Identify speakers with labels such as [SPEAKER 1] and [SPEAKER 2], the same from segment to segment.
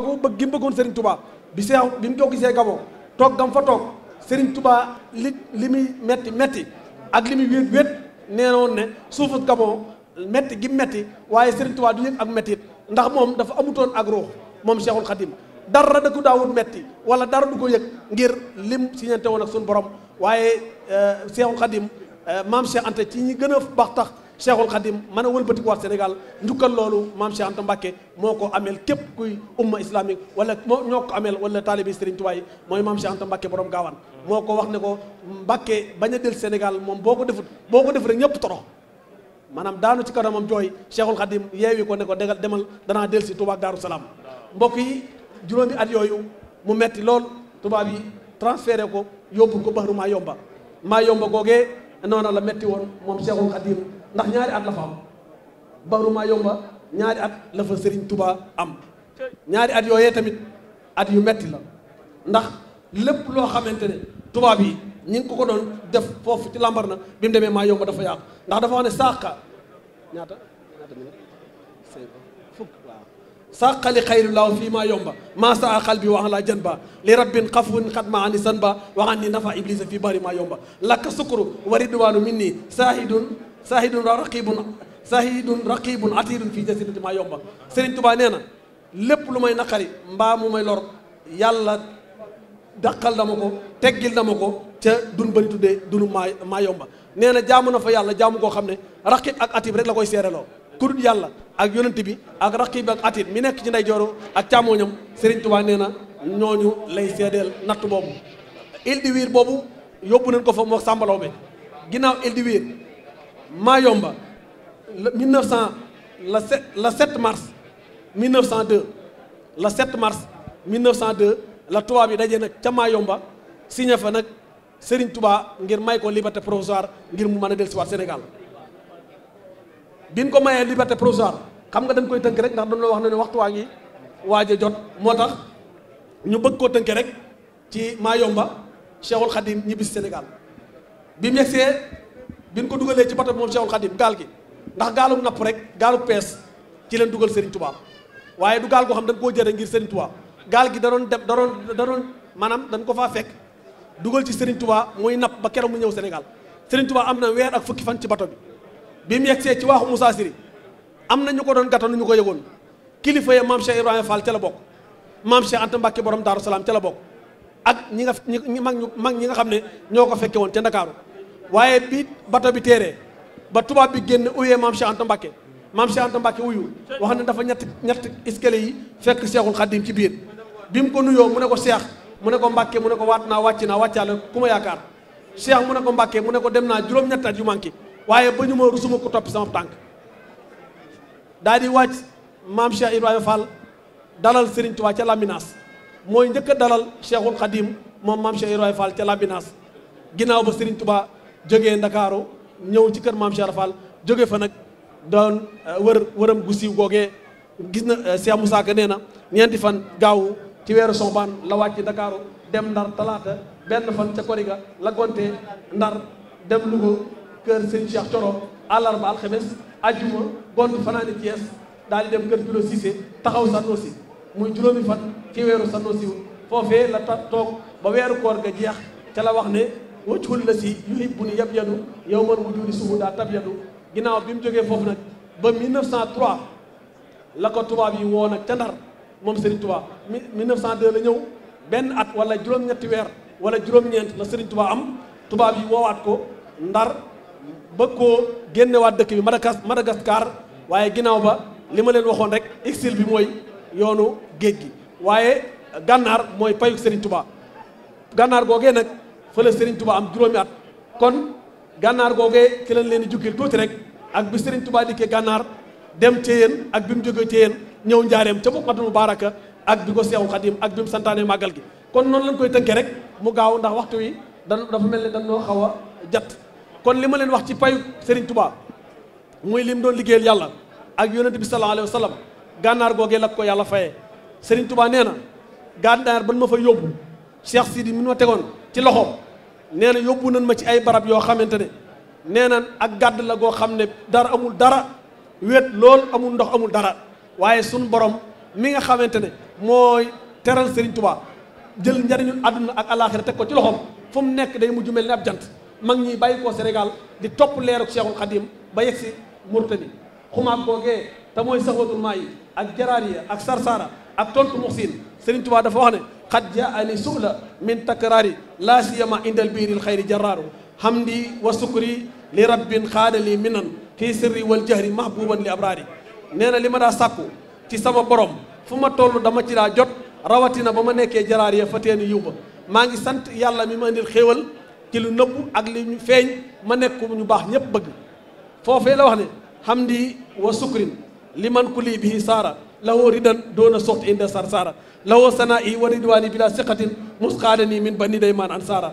[SPEAKER 1] googu bëgg gi bëggoon Serigne Touba bi seex bi mu ko see Gabon toog gam fa toog sëriñ Touba li li muy metti metti ak li muy wéet wéet nee woon ne suufu Gabon metti gi metti waaye Serigne Touba du yëg ak mettit ndax moom dafa amutoon ak ruux moom Cheikhul Khadim dara da ko daawut metti wala dara du ko yëg ngir lim siñante woon ak suñu borom waaye euh, Cheikhul Khadim euh, maam Cheikh Anta ci ñi gën a baax tax Cheikhul Khadim mën a wëlbatikuwaat Sénégal njukkal loolu maam Cheikh Anta Mbacke moo ko ameel képp kuy umma islamique wala moo ñoo ko ameel wala taalibi Serigne Touba yi mooy maam Cheikh Anta Mbacke borom gaawaan moo ko wax ne ko Mbacke bañ a del Sénégal moom boo ko defut boo ko def rek ñëpp torox maanaam daanu ci kanamam jooy Cheikhul Khadim yeewi ko ne demal danaa del si Touba Daaru Salaam mbokk yi juróomi at mu metti lool tubaab yi transféré ko yóbbu ko baxru maa yomba maa yomba la metti moom Cheikhul Khadim ndax ñaari at la fa am baruma yomba ñaari at lafa sëriñ Serigne am ñaari at yooyee tamit at yu metti la ndax lépp loo xamante ne tubaab yi ñi ngi ko ko doon def foofu ci lambar na bi mu demee maa yomba dafa yàqu ndax dafa wax ne saaqa ñaata ñaata fukk waaw saqali xayru laaw fii maa yomba maa saa xal bi wax laa jan ba li rabbin xafun xat ma ani san ba waxaan ni nafa iblisa fii bari maa yomba lakka sukuru wa ridwaanu min nii saahidun saahidun raqibun sahidun raqibun atirun fii jasilati maa yomba Serigne Touba nee na lépp lu may naqari mbaa mu may lor yàlla daqal na ma ko teggil na ma ko ca dun bari tuddee dunu maa yomba nee na jaamu na fa yàlla jaamu koo xam ne raqib ak atib rek la koy seereloo ku dul yàlla ak yonent bi ak raqib ak atib mi nekk ci nday ak càmmooñam Serigne Touba nee na ñooñu lay seedeel natt boobu il boobu yóbbu nañ ko fa moo sàmbalaw be ginnaaw Mayomba le 1900 le 7 le 7 mars 1902 le 7 mars 1902 la tubaab yi daje nag ca Mayomba signé fa nag Serigne Touba ngir may ko liberté provisoire ngir mu mën a dellusiwaat Sénégal biñ ko mayee liberté provisoire xam nga dañ koy tënk rek ndax dañ la wax ne waxtu waa ngi waaj jot moo tax ñu bëgg koo tënkee rek ci Mayomba Cheikhul Khadim ñibbi Sénégal bi mu bi ñu ko dugalee ci bato bi moom Cheikhul Khadim gaal gi ndax gaalug napp rek gaalug pees ci leen dugal Serigne Touba waaye du gaal goo xam dañ koo jëre ngir Serigne Touba gaal gi da doon dem da doon da doon dañ ko faa fekk dugal ci Serigne tubaa muy napp ba keroog mu ñëw Sénégal Serigne Touba am na weer ak fukki fan ci bato bi bi mu yegsee ci waaxu Moussa Siri am na ñu ko doon gàttanu ñu ko yëgoon kilifa ya maam Cheikh Ibrahima Fall ca la bokk maam Cheikh Anta borom Daaru Salaam ca la bokk ak ñi nga ñi mag ñu mag ñi nga xam ne ñoo ko fekke woon ca Ndakaaru waaye bi bato bi teeree ba tubaab bi génn uyee maam Cheikh Anta Mbacke maam Cheikh Anta Mbacke uyu wax ne dafa ñetti ñetti escalier yi fekk Cheikhul Khadim ci biir bi mu ko nuyoo mu ne ko Cheikh mu ne ko Mbacke mu ne ko waat naa wàcc naa wàccaale ku ma yaakaar Cheikh mu ne ko Mbacke mu ne ko dem naa juróom-ñett at yu manqué waaye ba ñu ma rusuma ko topp sama tànk daal di wàcc maam Cheikh Ibrahima Fall dalal Serigne Touba ca Laminas mooy njëkk a dalal Cheikhul Khadim moom maam Cheikh Ibrahima Fall ca Laminas ginnaaw ba Serigne Touba. jógee ndakaaru ñëw ci kër maam Cheikh Fall jóge fa nag doon eh, wër wëram gu siiw googee gis na eh, Cheikh Moussa Ka nee na ñeenti fan gaawu ci weeru sombaan la wàcc ndakaaru dem ndar talaata benn fan ca koriga la gonte ndar dem Louga kër sëñ Cheikh Coro àllarba alxames ajjuma gont fanaani Thiès daal di dem kër Pilo Cissé taxaw Sanosi muy juróomi fan ci weeru Sanosi foofee la toog ba weeru koor ga jeex ca la wax ne si wajhul lasi yuhibbuni yabyadu yawmal wujudi suhuda tabyadu ginnaaw bi mu jógee foofu nag ba 1903 la ko tubaab yi woo nag ca ndar moom Serigne Touba 1902 la ñëw benn at wala juróom-ñetti weer wala juróom-ñeent la Serigne Touba am tubaab yi woowaat ko ndar bëgg koo génnewaat dëkk bi Madagas Madagascar waaye ginnaaw ba li ma leen waxoon rek exil bi mooy yoonu géej gi waaye gànnaar mooy payuk Serigne Touba gànnaar googee fële Serigne Touba am juróomi at kon gànnaar googee ci lañ leen di jukkil tuuti rek ak bi Serigne Touba dikkee gànnaar dem Téyeen ak bi mu jógee Téyeen ñëw njaareem ca Muqaddimatul baaraka ak bi ko Seexu Xadim ak bi mu santaane màggal gi kon noonu lañ koy tënkee rek mu gaaw ndax waxtu wi dan dafa mel ne dañoo xaw a jat kon li ma leen wax ci payu Serigne Touba muy lim doon liggéeyal yàlla ak yonent bi sallallahu alayhi wa sallam googee la ko yàlla fayee Serigne Touba nee na gànnaar ban ma fa yóbbu Cheikh Sidi mi ma tegoon ci loxoom nee na yóbbu nañ ma ci ay barab yoo xamante ne nee na ak gàdd la goo xam ne dara amul dara wéet lool amul ndox amul dara waaye suñ borom mi nga xamante ne mooy teral Serigne Touba jël njariñu àdduna ak alaaxira teg ko ci loxoom fu mu nekk day mujj mel ni ab jant mag ñi bàyyi koo Sénégal di topp leeruk Cheikhul Khadim ba yegg si Murtani xumaag googee te mooy saxwatul maa yi ak jaraar yi ak sarsara ak tontu muxsin Serigne Touba dafa wax ne qad jaani suhla min takrari la siyama inda al biiri alxayri jaraaru hamdi wa sukri li rabbin xaadali minan fii sirri wal jahri mahbuban li abraari nee na li ma daa sàkku ci sama borom fu ma toll dama ci daa jot rawatina ba ma nekkee jaraar ya fa teeni yiw ba maa ngi sant yàlla mi ma indil xéewal ci lu nëbbu ak li ñu feeñ ma nekk ñu baax ñépp bëgg foofee la wax ne hamdi wa sukrin li man ku lii bihi saara lahu ridan doona soht inde sarsara lahu sana'i wa ridwani bila siqatin musqadani min bani dayman ansara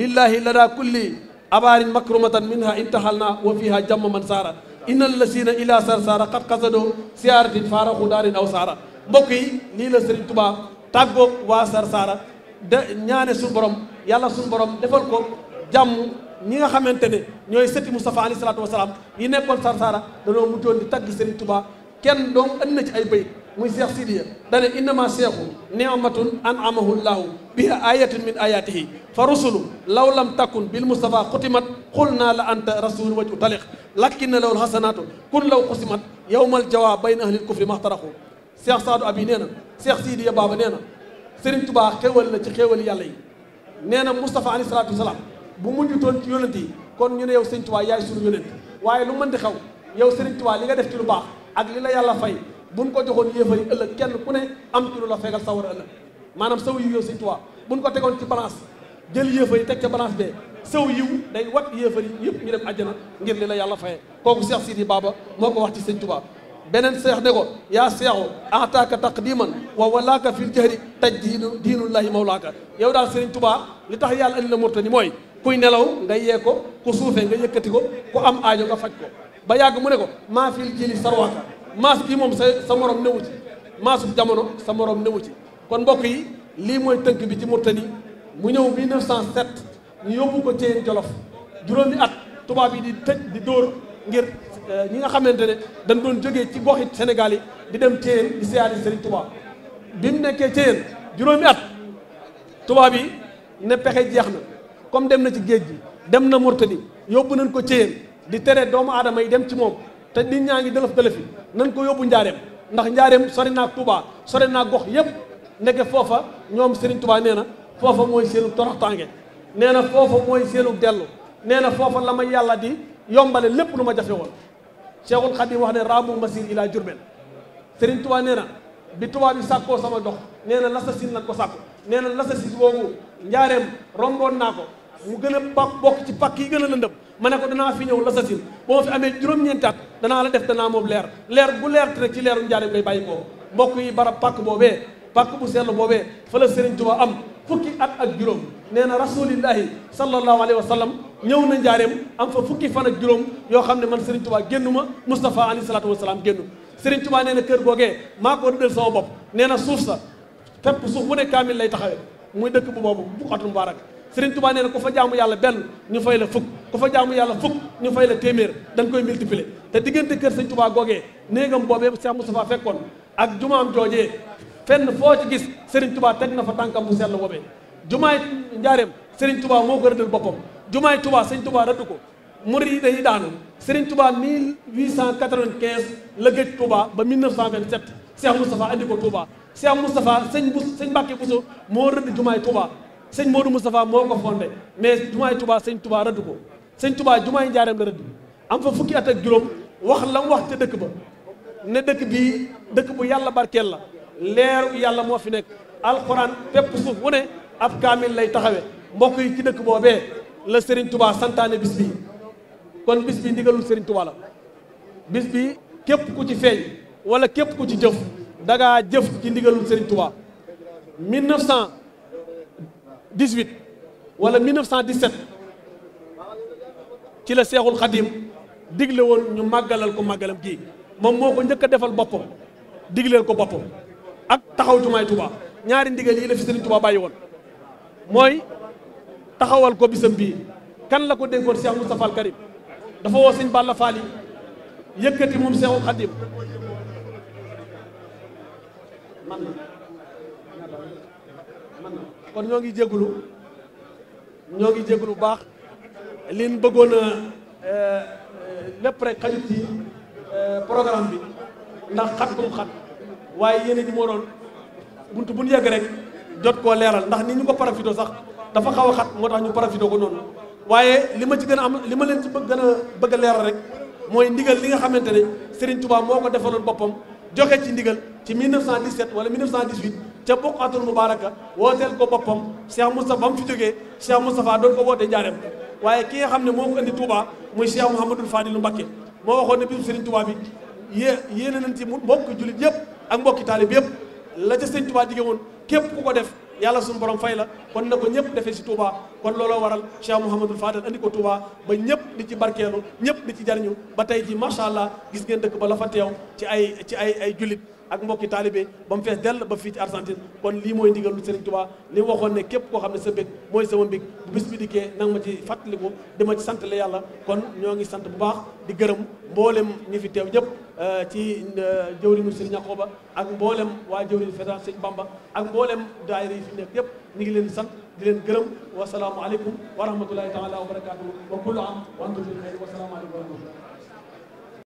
[SPEAKER 1] lillahi lada kulli abarin makrumatan minha intahalna wa fiha jamma man sara innal lasina ila sarsara qad qasado siaratin farahu darin aw sara mbokk yi la Sëriñ Tuubaa tàggoog waa sarsara de ñaane suñu borom yàlla suñu borom defal ko jàmm ñi nga xamante ne ñooy sëti Mustafa alayhi salaatu wasalaam yi nekkoon sarsara dañoo kenn doom ënd na ci ay bayit muy seex sidiya dane innama seexu ni'matun an'amahu llahu biha ayatin min ayatihi fa rusulu law lam takun bil mustafa xutimat xul naa la anta rasul waju taliq lakkinna lawul xasanaatu kun law xusimat yowmal jawa bayna ahlil kufri maxtaraxu seex saadu abi nee na seex sidiya baaba nee na sëriñ tubaa xéwal na ci xéwal yàlla yi nee na mustafa alayhi salaatu wasalaam bu mujj toon ci yonent kon ñu ne yow sëriñ tubaa yaay sunu yonent waaye lu mën di xaw yow sëriñ tubaa li nga def ci lu baax ak li la yàlla fay buñ ko joxoon yéefari ëllëg kenn ku ne am ci lu la fegal sa war a ëllëg maanaam saw yiw yow sëñ ko tegoon ci balance jël yéefari teg ca balance bee saw yiw day wat yéefari yëpp ñu dem àjjana ngir li la yàlla faye kooku Seex Sidi Baaba moo ko wax ci sëñ Tuubaa beneen seex ne ko yaa seexu ataaka taqdiman wa walaaka fil jahri taj diinu diinullahi mawlaaka yow daal Sëriñ Tubaa li tax yàlla andi la murtani mooy kuy nelaw nga yee ko ku suufee nga yëkkati ko am aajo nga faj ko ba yàgg mu ne ko maa fil jëli sarwaaka maas bii moom sa sa morom newu ci maasub jamono sa morom newu ci kon mbokk yi lii mooy tënk bi ci Murtani mu ñëw 1907 ñu yóbbu ko Thièyène Jolof juróomi at tubaab yi di tëj di dóor ngir eh, ñi nga xamante ne dañ doon jógee ci goxi Sénégal di dem Thièyène di siyaari Sëriñ Tuubaa bi mu nekkee Thièyène juróomi at tubaab yi ne pexe jeex na comme dem na ci géej gi dem na Murtani yóbbu nañ ko Thièyène di tere doomu aadama yi dem ci moom te di ñaa ngi dëlëf dëlëfi nan ko yóbbu njaareem ndax njaareem sori naa Touba sori naa gox yëpp nekk foofa ñoom Serigne Touba nee na foofa mooy seenu toroxtaange nee na foofa mooy seenu dellu nee na foofa la ma yàlla di yombale lépp lu ma jafe woon Cheikhul Khadim wax ne raamu masir ila Jurbel Serigne Touba nee na bi Touba bi sàkkoo sama dox nee na lasasi sin ko sàkku nee na lasasi sin boobu njaareem romboon naa ko mu gën a bokk ci pakk yi gën a lëndëm ma ne ko danaa fi ñëw lasasin bu ma fi amee juróom-ñeenti at danaa la def danaa moom leer leer bu leer te nag ci leeru njaarim lay bàyyi ko mbokk yi barab pàkk boobee pàkk bu seetlu boobee fa la Sëriñ Tuubaa am fukki at ak juróom nee na rasulillahi sallallahu alayhi wa sallam ñëw na njaareem am fa fukki fan ak juróom yoo xam ne man Sëriñ Tuubaa génnu ma Moustapha alayhi salaatu wa salaam génnu Sëriñ Tuubaa nee na kër googee maa ko dëddal sama bopp nee na suuf sa fépp bu ne kaamil lay taxawee muy dëkk bu boobu bu Sëriñ Tuubaa nee na ku fa jaamu yàlla benn ñu fay la fukk ku fa jaamu yàlla fukk ñu fay la téeméer dañ koy multiplier te diggante kër Sëriñ Tuubaa googee néegam boobee Cheikh Moustapha fekkoon ak jumaam joojee fenn foo ci gis Sëriñ tubaa teg na fa tànkam bu sell boobee jumaay njaareem Sëriñ Tuubaa moo ko rëddal boppam jumaay Tuubaa Sëriñ Tuubaa rëdd ko murid yi dañuy daanu Sëriñ tubaa 1895 la gëj Tuubaa ba 1927 Cheikh Moustapha andi ko Tuubaa Cheikh Moustapha sëñ bu sëñ Mbàkke moo rëdd jumaay sëñ Modou Moustapha moo ko fondé mais jumaay tubaa sëñ Touba rëdd ko sëñ tubaa jumaay njaareem la rëdd am fa fukki at ak juróom wax la mu wax ca dëkk ba ne dëkk bii dëkk bu yàlla barkeel la leeru yàlla moo fi nekk alxuraan pépp suuf wu ne ab kaamil lay taxawe mbokk yi ci dëkk boobee la Serigne Touba santaane bis bii kon bis bi ndigalul Serigne Touba la bis bi képp ku ci feeñ wala képp ku ci jëf da ngaa jëf ci ndigalul Serigne dix-huit wala mille neuf cent ci la seexul xadim digle woon ñu màggalal ko màggalam gi moom moo ko njëkk defal boppam digleel ko boppam ak taxaw jumaay Tuubaa ñaari ndigal yi la fi Sëriñ Tuubaa bàyyi woon taxawal ko bisam bii kan la ko dénkoon Cheikh Moustapha Al Karim dafa woo sëñ Balla Fall yi yëkkati moom Seexul Xadim kon ñoo ngi jégalu ñoo ngi jégalu baax liñ bëggoon a euh, lépp rek xajut ci euh, programme bi ndax xat bu xat waaye yéen ji moo doon buntu bu ñu yegg rek jot koo leeral ndax ni ñu ko parafito sax dafa xaw a xat moo tax ñu parafito ko noonu waaye li ma ci gën a am li ma leen ci bëgg gën a bëgg a leeral rek mooy ndigal li nga xamante ne Serigne Touba moo ko defaloon boppam joxe ci ndigal ci 1917 wala 1918. ca boqatul woo wooteel ko boppam Cheikh Moustapha ba mu fi jógee Cheikh Moustapha doon ko woote njaareem waaye ki nga xam ne moo ko indi Touba muy Cheikh Mouhamadul Fadilu Mbakke moo waxoon ne bisu Serigne Touba bi yée yéene nañ ci mbokki jullit yëpp ak mbokki taalib yëpp la ca Serigne Touba dige woon képp ku ko def yàlla suñu borom fay la kon na ko ñëpp defe si Touba kon looloo waral Cheikh Mouhamadul Fadal andi ko Touba ba ñëpp di ci barkeelu ñëpp di ci jariñu ba tey ji macha allah gis ngeen dëkk ba la fa teew ay ci ay ay ak mbokki taalibe ba mu fees dell ba fii ci Argentine kon lii mooy ndigal lu Serigne Touba li waxoon ne képp koo xam ne sa mbég mooy sama mbég bu bis bi dikkee nanga ma ci fàttaliku di ma ci sant la yàlla kon ñoo ngi sant bu baax di gërëm mboolem ñi fi teew ñëpp euh, ci euh, jëwriñu Serigne ba ak mboolem waa jëwriñu fédéral Serigne Bamba ak mboolem daayira yi fi yëpp ñu ngi leen sant di leen gërëm wasalaamualeykum wa rahmatulahi taala wa barakaatu wa kullu am wa antum bi